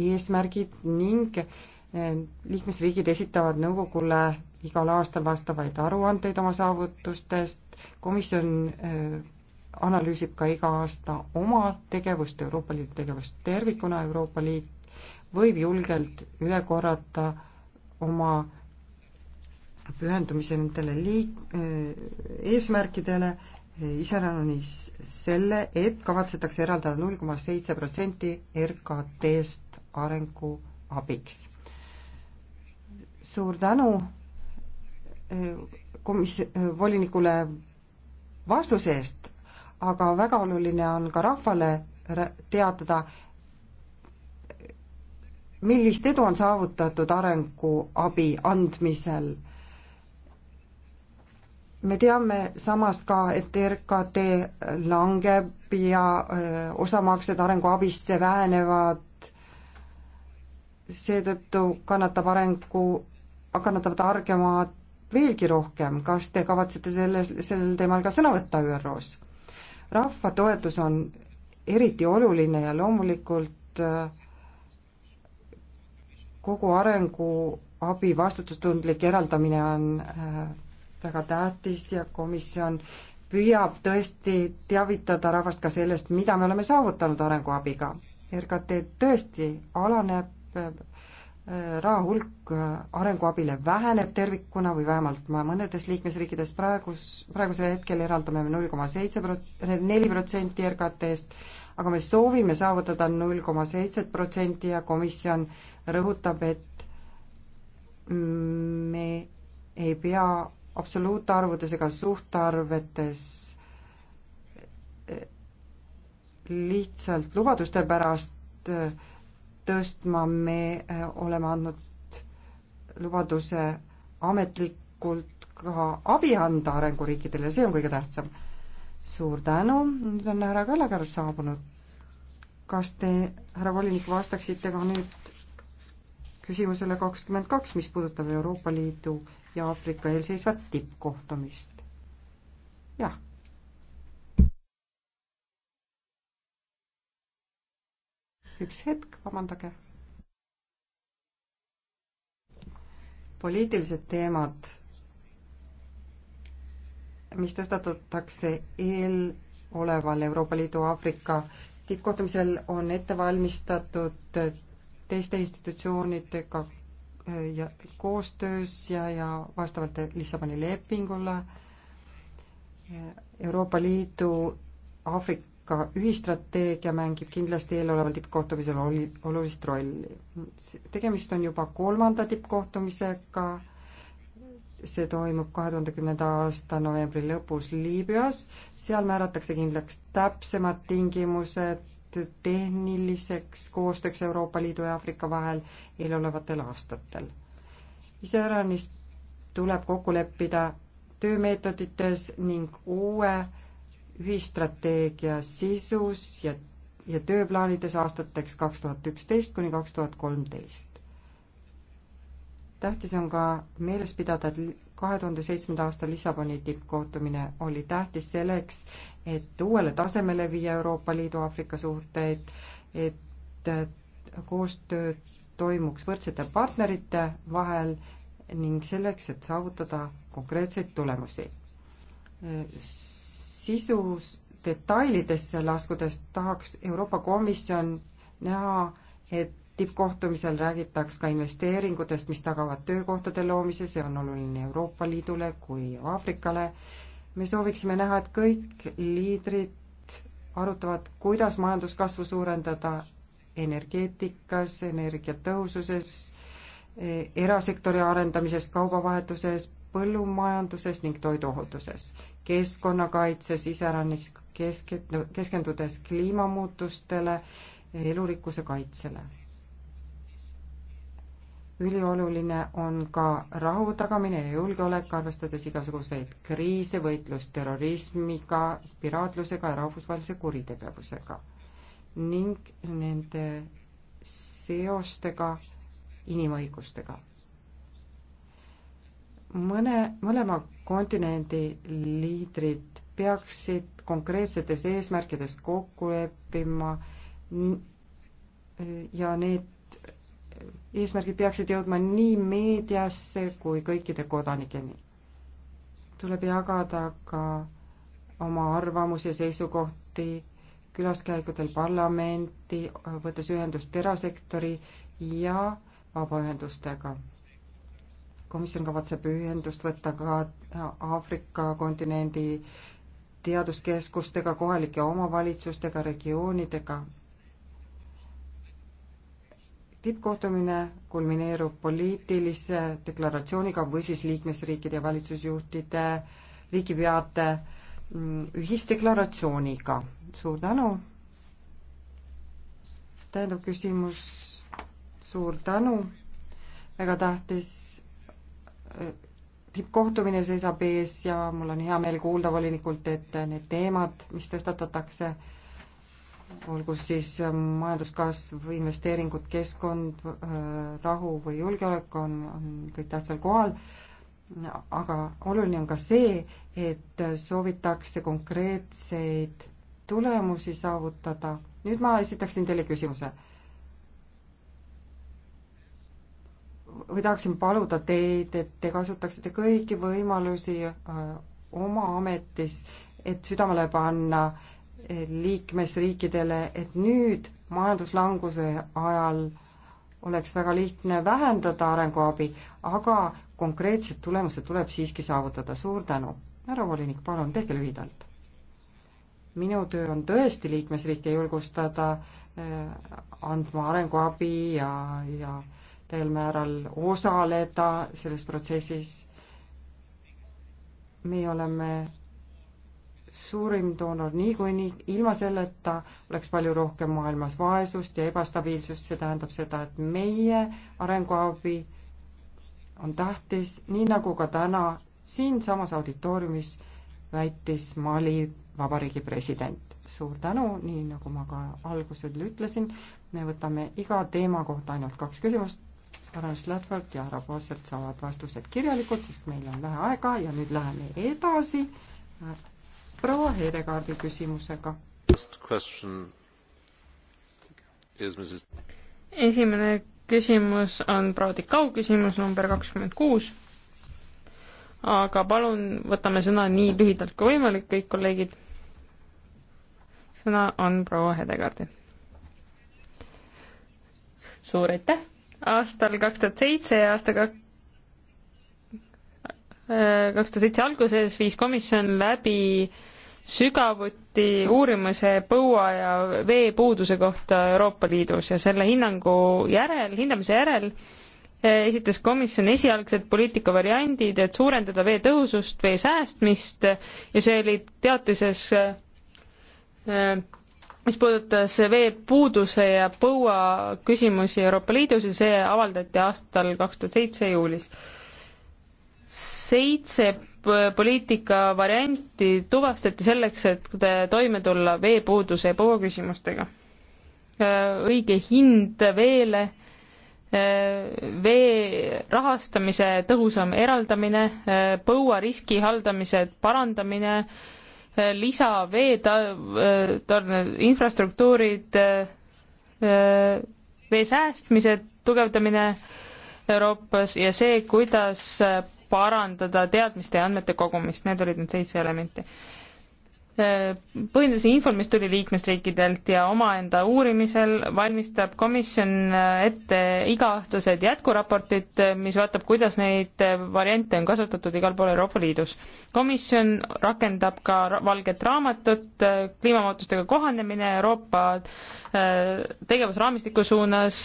eesmärgid ning eh, liikmesriigid esitavad nõukogule igal aastal vastavaid aruandeid oma saavutustest, komisjon eh, analüüsib ka iga aasta oma tegevust, Euroopa Liidu tegevust tervikuna, Euroopa Liit võib julgelt üle korrata oma pühendumise nendele liik-, äh, eesmärkidele, iseäranis selle, et kavatsetakse eraldada null koma seitse protsenti RKT-st arengu abiks. suur tänu äh, komis-, äh, volinikule vastuse eest, aga väga oluline on ka rahvale teatada, millist edu on saavutatud arenguabi andmisel. me teame samas ka, et RKT langeb ja osamaksed arenguabisse vähenevad, seetõttu kannatab arengu, kannatavad argemaad veelgi rohkem, kas te kavatsete selles, sellel teemal ka sõna võtta ÜRO-s? rahva toetus on eriti oluline ja loomulikult äh, kogu arenguabi vastutustundlik eraldamine on äh, väga tähtis ja komisjon püüab tõesti teavitada rahvast ka sellest, mida me oleme saavutanud arenguabiga. RKT tõesti alaneb, äh, äh, raha hulk arenguabile väheneb tervikuna või vähemalt mõnedes liikmesriikides praegus, praegusel hetkel eraldame me null koma seitse prot-, neli protsenti RKT-st, aga me soovime saavutada null koma seitset protsenti ja komisjon rõhutab, et me ei pea absoluutarvudes ega suhtarvetes lihtsalt lubaduste pärast tõstma, me oleme andnud lubaduse ametlikult ka abi anda arenguriikidele, see on kõige tähtsam suur tänu, nüüd on härra Kallakärv saabunud. kas te, härra volinik, vastaksite ka nüüd küsimusele kakskümmend kaks, mis puudutab Euroopa Liidu ja Aafrika eelseisvat tippkohtumist? jah üks hetk, vabandage. poliitilised teemad mis tõstatatakse eeloleval Euroopa Liidu Aafrika tippkohtumisel, on ette valmistatud teiste institutsioonidega äh, ja koostöös ja, ja vastavalt Lissaboni lepingule äh, Euroopa Liidu Aafrika ühistrateegia mängib kindlasti eeloleval tippkohtumisel oli, olulist rolli. tegemist on juba kolmanda tippkohtumisega see toimub kahe tuhande kümnenda aasta novembri lõpus Liibüas, seal määratakse kindlaks täpsemad tingimused tehniliseks koostööks Euroopa Liidu ja Aafrika vahel eelolevatel aastatel. iseäranis tuleb kokku leppida töömeetodites ning uue ühistrateegia sisus ja, ja tööplaanides aastateks kaks tuhat üksteist kuni kaks tuhat kolmteist tähtis on ka meeles pidada, et kahe tuhande seitsmenda aasta Lissaboni tippkohtumine oli tähtis selleks, et uuele tasemele viia Euroopa Liidu Aafrika suhteid, et koostöö toimuks võrdsete partnerite vahel ning selleks, et saavutada konkreetseid tulemusi. sisus detailidesse laskudes tahaks Euroopa Komisjon näha, et tippkohtumisel räägitaks ka investeeringutest, mis tagavad töökohtade loomise, see on oluline Euroopa Liidule kui Aafrikale. me sooviksime näha, et kõik liidrid arutavad, kuidas majanduskasvu suurendada energeetikas, energiatõhususes, e, erasektori arendamises, kaubavahetuses, põllumajanduses ning toiduohutuses, keskkonnakaitses, iseäranis kesk-, keskendudes kliimamuutustele, elurikkuse kaitsele ülioluline on ka rahu tagamine ja julgeolek, arvestades igasuguseid kriise, võitlust terrorismiga, piraatlusega ja rahvusvahelise kuritegevusega ning nende seostega inimõigustega. mõne, mõlema kontinendi liidrid peaksid konkreetsetes eesmärkides kokku leppima ja need eesmärgid peaksid jõudma nii meediasse kui kõikide kodanikeni. tuleb jagada ka oma arvamusi ja seisukohti külaskäikudel parlamenti, võttes ühendust erasektori ja vabaühendustega komisjon kavatseb ühendust võtta ka Aafrika kontinendi teaduskeskustega, kohalike omavalitsustega, regioonidega tippkohtumine kulmineerub poliitilise deklaratsiooniga või siis liikmesriikide ja valitsusjuhtide, riigipeade mm, ühisdeklaratsiooniga. suur tänu. täiendav küsimus, suur tänu. väga tähtis äh, tippkohtumine seisab ees ja mul on hea meel kuulda volinikult, et need teemad, mis tõstatatakse, olgu siis äh, majanduskasv, investeeringud, keskkond, äh, rahu või julgeolek on, on kõik tähtsal kohal, aga oluline on ka see, et soovitakse konkreetseid tulemusi saavutada. nüüd ma esitaksin teile küsimuse. või tahaksin paluda teid, et te kasutaksite kõiki võimalusi äh, oma ametis, et südamele panna liikmesriikidele, et nüüd majanduslanguse ajal oleks väga lihtne vähendada arenguabi, aga konkreetsed tulemused tuleb siiski saavutada, suur tänu. härra volinik, palun tehke lühidalt. minu töö on tõesti liikmesriike julgustada eh, andma arenguabi ja, ja täiel määral osaleda selles protsessis. me oleme suurim doonor niikuinii, ilma selleta oleks palju rohkem maailmas vaesust ja ebastabiilsust, see tähendab seda, et meie arenguabi on tähtis, nii nagu ka täna siinsamas auditooriumis väitis Mali Vabariigi president. suur tänu, nii nagu ma ka algusel ütlesin, me võtame iga teema kohta ainult kaks küsimust, Lawrence Ledford ja härra Posselt saavad vastused kirjalikult, sest meil on vähe aega ja nüüd läheme edasi proua Hedegaardi küsimusega. esimene küsimus on proua Tikau küsimus number kakskümmend kuus. aga palun võtame sõna nii lühidalt kui võimalik, kõik kolleegid. sõna on proua Hedegaardil. suur aitäh! aastal kaks tuhat seitse ja aasta kaks kaks tuhat seitse alguses viis komisjon läbi sügavuti uurimuse põua ja veepuuduse kohta Euroopa Liidus ja selle hinnangu järel, hindamise järel eh, esitas komisjon esialgsed poliitikavariandid, et suurendada vee tõhusust, vee säästmist ja see oli teatises, eh, mis puudutas veepuuduse ja põua küsimusi Euroopa Liidus ja see avaldati aastal kaks tuhat seitse juulis seitse poliitika varianti tuvastati selleks, et toime tulla veepuuduse ja põua küsimustega. Äh, õige hind veele, äh, vee rahastamise tõhusam eraldamine, äh, põuariski haldamise parandamine, lisa veetorne infrastruktuurid, vee säästmise tugevdamine Euroopas ja see, kuidas parandada teadmiste ja andmete kogumist, need olid need seitse elementi. Põhinedes infol, mis tuli liikmesriikidelt ja omaenda uurimisel, valmistab komisjon ette iga-aastased jätkuraportid, mis vaatab, kuidas neid variante on kasutatud igal pool Euroopa Liidus. komisjon rakendab ka valget raamatut kliimamuutustega kohanemine Euroopa äh, tegevusraamistiku suunas,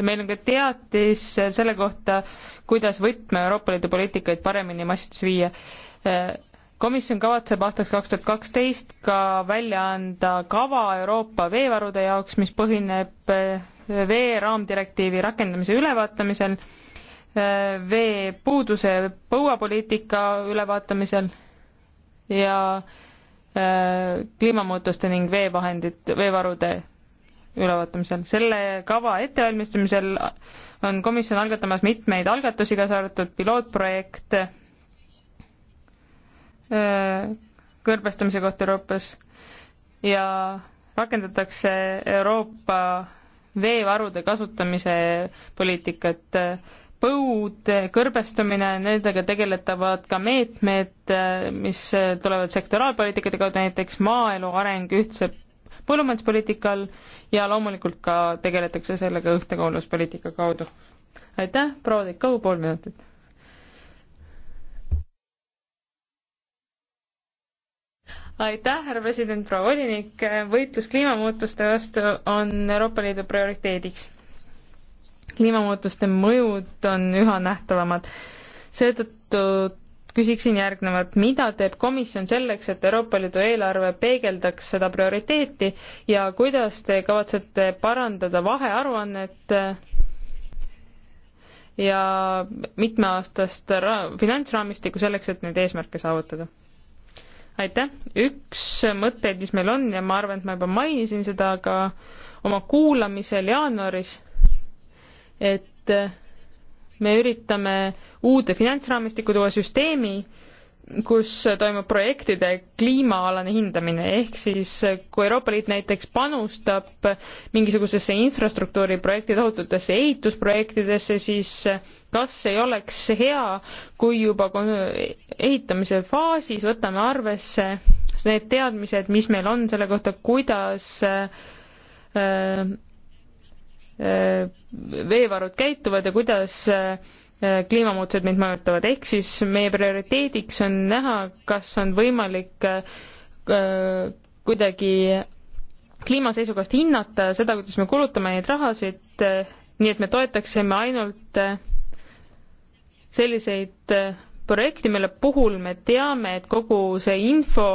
ja meil on ka teatis selle kohta, kuidas võtme Euroopa Liidu poliitikaid paremini massides viia. komisjon kavatseb aastaks kaks tuhat kaksteist ka välja anda kava Euroopa veevarude jaoks, mis põhineb vee raamdirektiivi rakendamise ülevaatamisel, vee puuduse põuapoliitika ülevaatamisel ja äh, kliimamuutuste ning veevahendid, veevarude ülevaatamisel. selle kava ettevalmistamisel on komisjon algatamas mitmeid algatusi, kaasa arvatud pilootprojekt kõrbestumise kohta Euroopas ja rakendatakse Euroopa veevarude kasutamise poliitikat. põud, kõrbestumine, nendega tegeletavad ka meetmed, mis tulevad sektoraalpoliitikate kaudu, näiteks maaelu areng, ühtse põllumajanduspoliitikal ja loomulikult ka tegeletakse sellega ühtekuuluvuspoliitika kaudu. aitäh, proua Tikau, pool minutit. aitäh, härra president, proua volinik, võitlus kliimamuutuste vastu on Euroopa Liidu prioriteediks. kliimamuutuste mõjud on üha nähtavamad, seetõttu küsiksin järgnevat, mida teeb komisjon selleks, et Euroopa Liidu eelarve peegeldaks seda prioriteeti ja kuidas te kavatsete parandada vahearuannet äh, ja mitmeaastast finantsraamistikku selleks, et neid eesmärke saavutada? aitäh, üks mõtteid, mis meil on ja ma arvan, et ma juba mainisin seda ka oma kuulamisel jaanuaris, et äh, me üritame uude finantsraamistikku tuua süsteemi, kus toimub projektide kliimaalane hindamine, ehk siis kui Euroopa Liit näiteks panustab mingisugusesse infrastruktuuriprojekti, tohututesse ehitusprojektidesse, siis kas ei oleks hea, kui juba ehitamise faasis võtame arvesse need teadmised, mis meil on selle kohta, kuidas äh, Äh, veevarud käituvad ja kuidas äh, kliimamuutused meid mõjutavad, ehk siis meie prioriteediks on näha, kas on võimalik äh, kuidagi kliima seisukohast hinnata seda, kuidas me kulutame neid rahasid, nii et me toetaksime ainult selliseid projekti, mille puhul me teame, et kogu see info,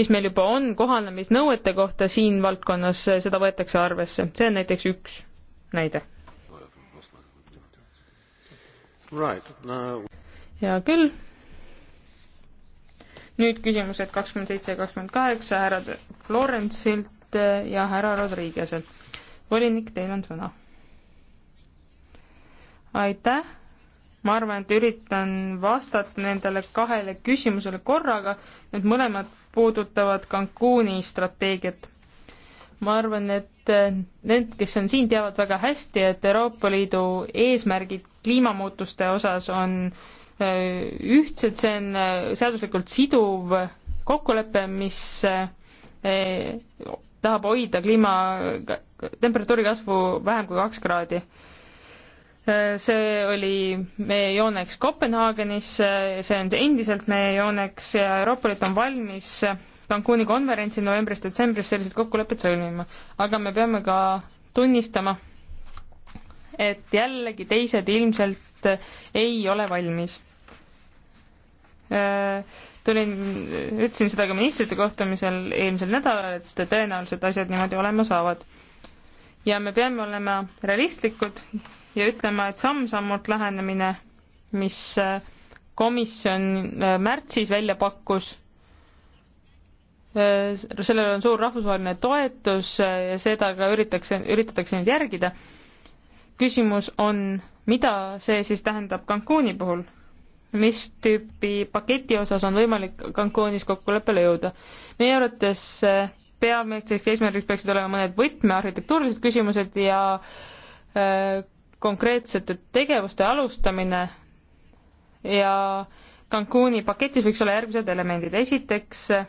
mis meil juba on kohanemisnõuete kohta siin valdkonnas, seda võetakse arvesse, see on näiteks üks näide. hea küll. nüüd küsimused kakskümmend seitse ja kakskümmend kaheksa härra Florentsilt ja härra Rodriguezelt. volinik, teil on sõna. aitäh ma arvan, et üritan vastata nendele kahele küsimusele korraga, need mõlemad puudutavad Cancuni strateegiat ma arvan, et eh, need, kes on siin, teavad väga hästi, et Euroopa Liidu eesmärgid kliimamuutuste osas on eh, ühtsed, see on eh, seaduslikult siduv kokkulepe, mis tahab hoida kliima temperatuuri kasvu vähem kui kaks kraadi. see oli meie jooneks Kopenhaagenis, see on endiselt meie jooneks ja Euroopa Liit on valmis Cancuni konverentsil novembris-detsembris sellised kokkulepped sõlmima. aga me peame ka tunnistama, et jällegi teised ilmselt ei ole valmis. Äh, tulin, ütlesin seda ka ministrite kohtumisel eelmisel nädalal, et tõenäoliselt asjad niimoodi olema saavad. ja me peame olema realistlikud ja ütlema, et samm-sammult lähenemine, mis äh, komisjon äh, märtsis välja pakkus, Äh, sellel on suur rahvusvaheline toetus äh, ja seda ka üritatakse, üritatakse nüüd järgida. küsimus on, mida see siis tähendab Cancuni puhul? mis tüüpi paketi osas on võimalik Cancunis kokkuleppele jõuda? meie arvates äh, peamiseks eesmärgiks peaksid olema mõned võtmearhitektuurilised küsimused ja äh, konkreetsete tegevuste alustamine ja Cancuni paketis võiks olla järgmised elemendid. esiteks äh,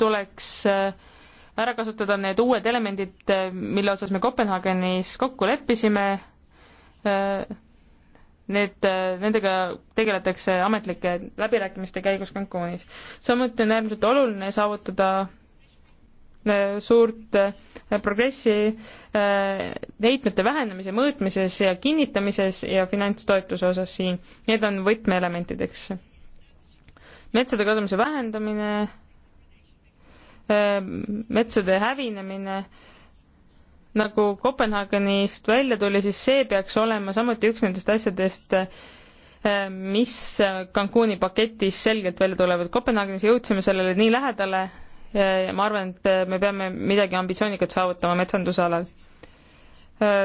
tuleks äh, ära kasutada need uued elemendid, äh, mille osas me Kopenhaagenis kokku leppisime. Äh, need, nendega tegeletakse ametlike läbirääkimiste käigus Cancunis. samuti on äärmiselt oluline saavutada suurt progressi heitmete vähenemise mõõtmises ja kinnitamises ja finantstoetuse osas siin. Need on võtmeelementideks. metsade kadumise vähendamine, Ehm, metsade hävinemine, nagu Kopenhaagenist välja tuli, siis see peaks olema samuti üks nendest asjadest, ehm, mis Cancuni paketis selgelt välja tulevad. Kopenhaagenis jõudsime sellele nii lähedale ja ma arvan, et ehm, me peame midagi ambitsioonikat saavutama metsanduse alal.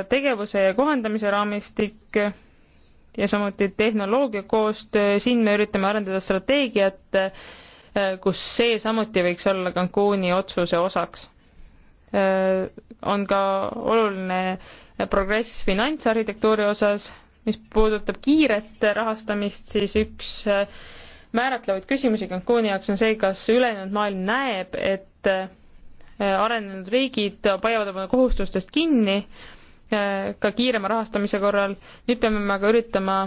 tegevuse ja kohandamise raamistik ja samuti tehnoloogia koostöö, siin me üritame arendada strateegiat, Äh, kus see samuti võiks olla Cancuni otsuse osaks. Äh, on ka oluline progress finantsarhitektuuri osas, mis puudutab kiiret rahastamist, siis üks äh, määratlevaid küsimusi Cancuni jaoks on see, kas ülejäänud maailm näeb, et arenenud riigid hoiavad oma kohustustest kinni ka kiirema rahastamise korral, nüüd peame me aga üritama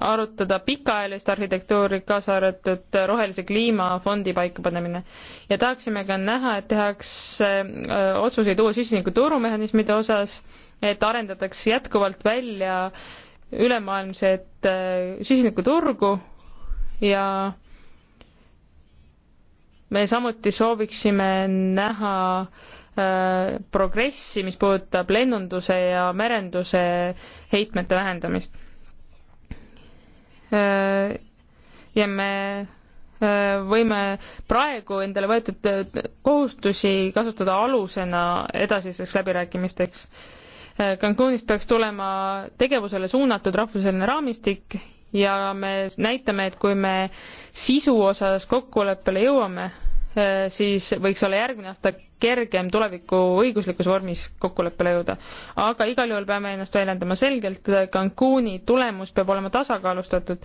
arutada pikaajalist arhitektuuri, kaasa arvatud rohelise kliimafondi paikapanemine. ja tahaksime ka näha, et tehakse äh, otsuseid uue süsinikuturu mehhanismide osas, et arendatakse jätkuvalt välja ülemaailmset äh, süsinikuturgu ja me samuti sooviksime näha äh, progressi, mis puudutab lennunduse ja merenduse heitmete vähendamist Äh, ja me äh, võime praegu endale võetud äh, kohustusi kasutada alusena edasiseks läbirääkimisteks. Cancunist peaks tulema tegevusele suunatud rahvusvaheline raamistik ja me näitame, et kui me sisu osas kokkuleppele jõuame, siis võiks olla järgmine aasta kergem tuleviku õiguslikus vormis kokkuleppele jõuda. aga igal juhul peame ennast väljendama selgelt, Cancuni tulemus peab olema tasakaalustatud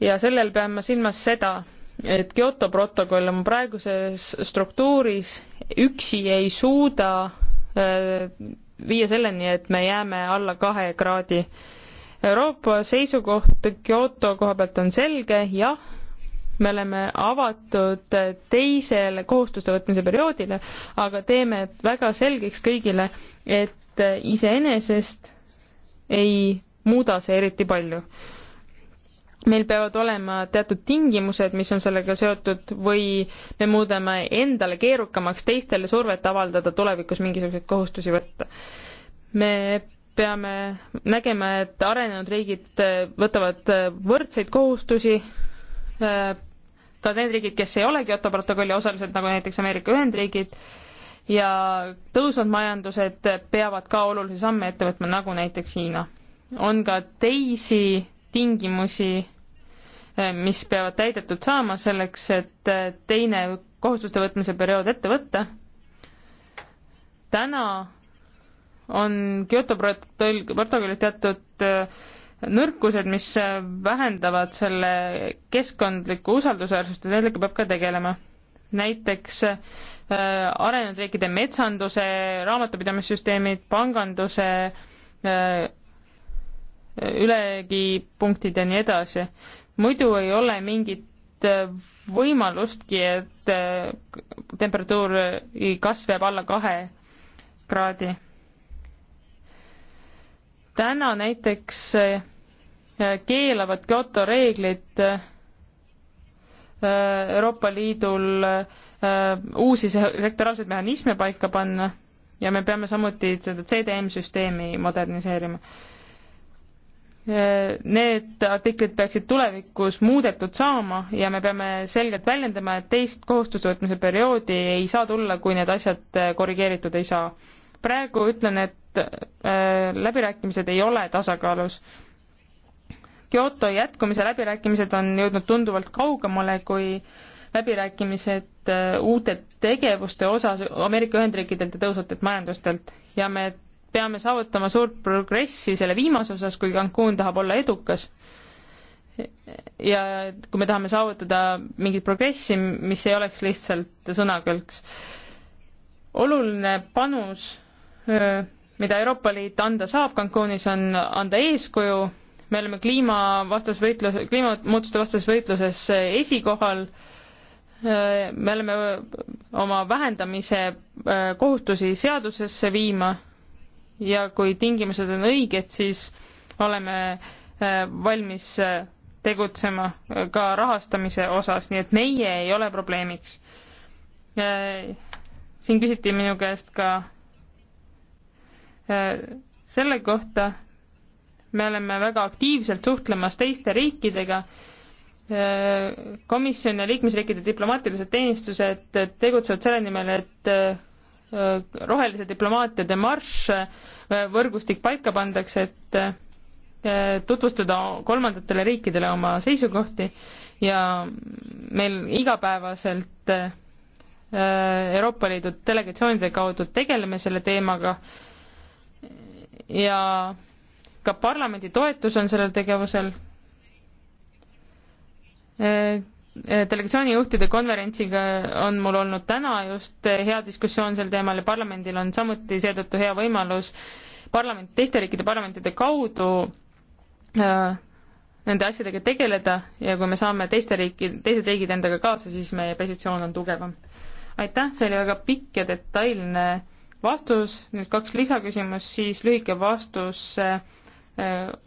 ja sellel peame silmas seda, et Kyoto protokoll oma praeguses struktuuris üksi ei suuda äh, viia selleni, et me jääme alla kahe kraadi Euroopa seisukoht Kyoto koha pealt on selge, jah, me oleme avatud teisele kohustuste võtmise perioodile, aga teeme väga selgeks kõigile, et iseenesest ei muuda see eriti palju. meil peavad olema teatud tingimused, mis on sellega seotud või me muudame endale keerukamaks teistele survet avaldada tulevikus mingisuguseid kohustusi võtta. me peame nägema, et arenenud riigid võtavad võrdseid kohustusi, ka need riigid, kes ei ole Kyoto protokolli osalised, nagu näiteks Ameerika Ühendriigid, ja tõusnud majandused peavad ka olulisi samme ette võtma, nagu näiteks Hiina. on ka teisi tingimusi, eh, mis peavad täidetud saama selleks, et eh, teine kohustuste võtmise periood ette võtta. täna on Kyoto protokollis teatud äh, nõrkused, mis vähendavad selle keskkondliku usaldusväärsust ja sellega peab ka tegelema. näiteks äh, arenenud riikide metsanduse, raamatupidamissüsteemid, panganduse äh,, ülegipunktid ja nii edasi. muidu ei ole mingit äh, võimalustki, et äh, temperatuuri kasv jääb alla kahe kraadi täna näiteks äh, keelavad Kyoto reeglid äh, Euroopa Liidul äh, uusi sektoraalseid mehhanisme paika panna ja me peame samuti seda CDM-süsteemi moderniseerima. Need artiklid peaksid tulevikus muudetud saama ja me peame selgelt väljendama, et teist kohustuse võtmise perioodi ei saa tulla, kui need asjad korrigeeritud ei saa. praegu ütlen, et et äh, läbirääkimised ei ole tasakaalus. Kyoto jätkumise läbirääkimised on jõudnud tunduvalt kaugemale kui läbirääkimised äh, uute tegevuste osas Ameerika Ühendriikidelt ja tõusvatelt majandustelt ja me peame saavutama suurt progressi selle viimase osas, kui Cancun tahab olla edukas. ja kui me tahame saavutada mingit progressi, mis ei oleks lihtsalt sõnakõlks. oluline panus öö, äh, mida Euroopa Liit anda saab Cancunis, on anda eeskuju, me oleme kliimavastas võitlus, kliimamuutuste vastases võitluses esikohal, me oleme oma vähendamise äh, kohustusi seadusesse viima ja kui tingimused on õiged, siis oleme äh, valmis äh, tegutsema ka rahastamise osas, nii et meie ei ole probleemiks. siin küsiti minu käest ka selle kohta me oleme väga aktiivselt suhtlemas teiste riikidega, komisjon ja liikmesriikide diplomaatilised teenistused tegutsevad selle nimel, et äh, rohelise diplomaatia demarš, äh, võrgustik paika pandakse, et äh, tutvustada kolmandatele riikidele oma seisukohti ja meil igapäevaselt Euroopa Liidu delegatsioonide kaudu tegeleme selle teemaga ja ka parlamendi toetus on sellel tegevusel. Eh, delegatsiooni juhtide konverentsiga on mul olnud täna just hea diskussioon sel teemal ja parlamendil on samuti seetõttu hea võimalus parlament, teiste riikide parlamentide kaudu eh, nende asjadega tegeleda ja kui me saame teiste riiki, teised riigid endaga kaasa, siis meie positsioon on tugevam. aitäh, see oli väga pikk ja detailne vastus, nüüd kaks lisaküsimust, siis lühike vastus äh,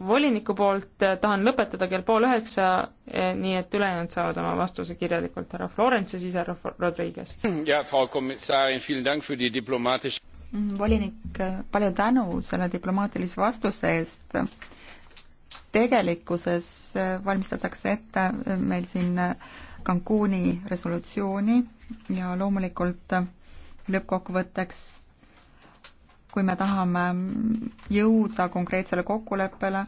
voliniku poolt, tahan lõpetada kell pool üheksa, äh, nii et ülejäänud saavad oma vastuse kirjalikult, härra Florence ja siis härra Rodriguez. Mm, volinik, palju tänu selle diplomaatilise vastuse eest. tegelikkuses äh, valmistatakse ette meil siin Cancuni resolutsiooni ja loomulikult lõppkokkuvõtteks kui me tahame jõuda konkreetsele kokkuleppele,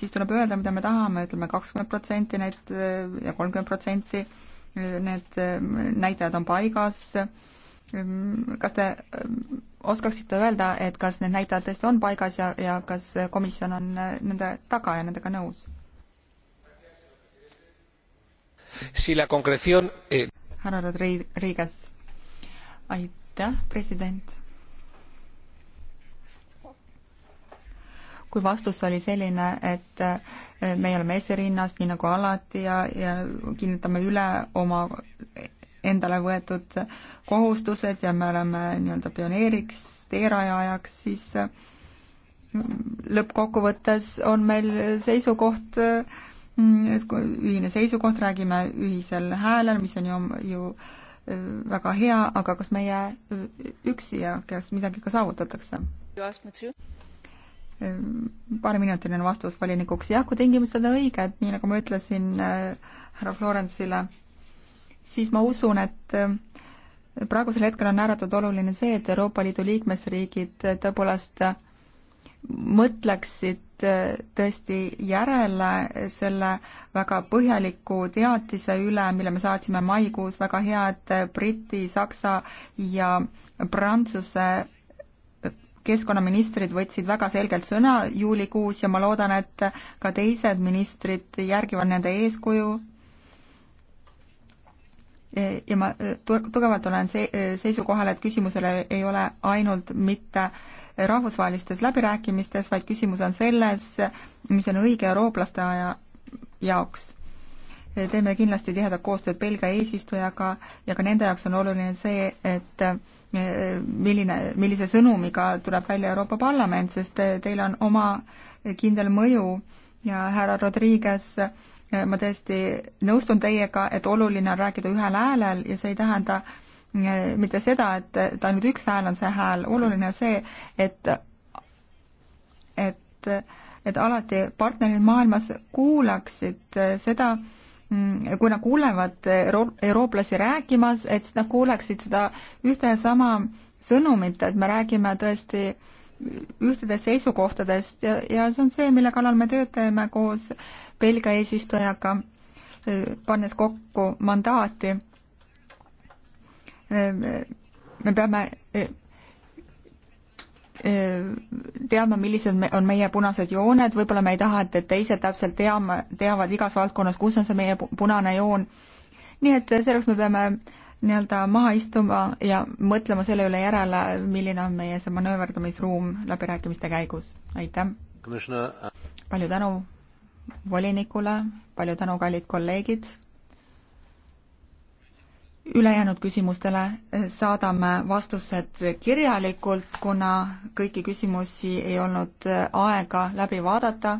siis tuleb öelda, mida me tahame, ütleme kakskümmend protsenti need äh, ja kolmkümmend protsenti, äh, need äh, näitajad on paigas. kas te oskaksite öelda, et kas need näitajad tõesti on paigas ja, ja kas komisjon on nende taga ja nendega nõus? Si la concreción eh... härra Rodriguez, aitäh, president kui vastus oli selline, et eh, meie oleme esirinnas, nii nagu alati, ja, ja kinnitame üle oma endale võetud kohustused ja me oleme nii-öelda pioneeriks, teerajajaks, siis eh, lõppkokkuvõttes on meil seisukoht, eh, ühine seisukoht, räägime ühisel häälel, mis on ju, ju väga hea, aga kas meie üksi ja kas midagi ka saavutatakse? Ehm, paariminutiline vastus volinikuks, jah, kui tingimused on õiged, nii nagu ma ütlesin äh, härra Florence'ile, siis ma usun, et äh, praegusel hetkel on ääretult oluline see, et Euroopa Liidu liikmesriigid äh, tõepoolest mõtleksid tõesti järele selle väga põhjaliku teatise üle, mille me saatsime maikuus, väga head Briti, Saksa ja Prantsuse keskkonnaministrid võtsid väga selgelt sõna juulikuus ja ma loodan, et ka teised ministrid järgivad nende eeskuju. ja ma tugevalt olen see, seisukohal, et küsimusele ei ole ainult mitte rahvusvahelistes läbirääkimistes, vaid küsimus on selles, mis on õige eurooplaste aja jaoks teeme kindlasti tihedat koostööd Belgia eesistujaga ja ka nende jaoks on oluline see, et eh, milline, millise sõnumiga tuleb välja Euroopa Parlament, sest eh, teil on oma kindel mõju ja härra Rodriguez, eh, ma tõesti nõustun teiega, et oluline on rääkida ühel häälel ja see ei tähenda mitte seda, et, et ainult üks hääl on see hääl, oluline on see, et, et, et alati partnerid maailmas kuulaksid seda, Mm, kui nad kuulevad euro-, eurooplasi rääkimas, et siis nad kuuleksid seda ühte ja sama sõnumit, et me räägime tõesti ühtedest seisukohtadest ja, ja see on see, mille kallal me tööd teeme koos Belgia eesistujaga, pannes kokku mandaati. me peame Äh, teadma, millised on meie punased jooned, võib-olla me ei taha, et teised täpselt teama, teavad igas valdkonnas, kus on see meie punane joon. nii et selleks me peame nii-öelda maha istuma ja mõtlema selle üle järele, milline on meie see manööverdamisruum läbirääkimiste käigus. aitäh! Äh palju tänu volinikule, palju tänu, kallid kolleegid! ülejäänud küsimustele saadame vastused kirjalikult, kuna kõiki küsimusi ei olnud aega läbi vaadata.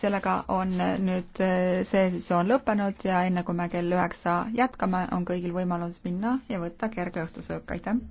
sellega on nüüd see sessioon lõppenud ja enne, kui me kell üheksa jätkame, on kõigil võimalus minna ja võtta kerge õhtusöök, aitäh!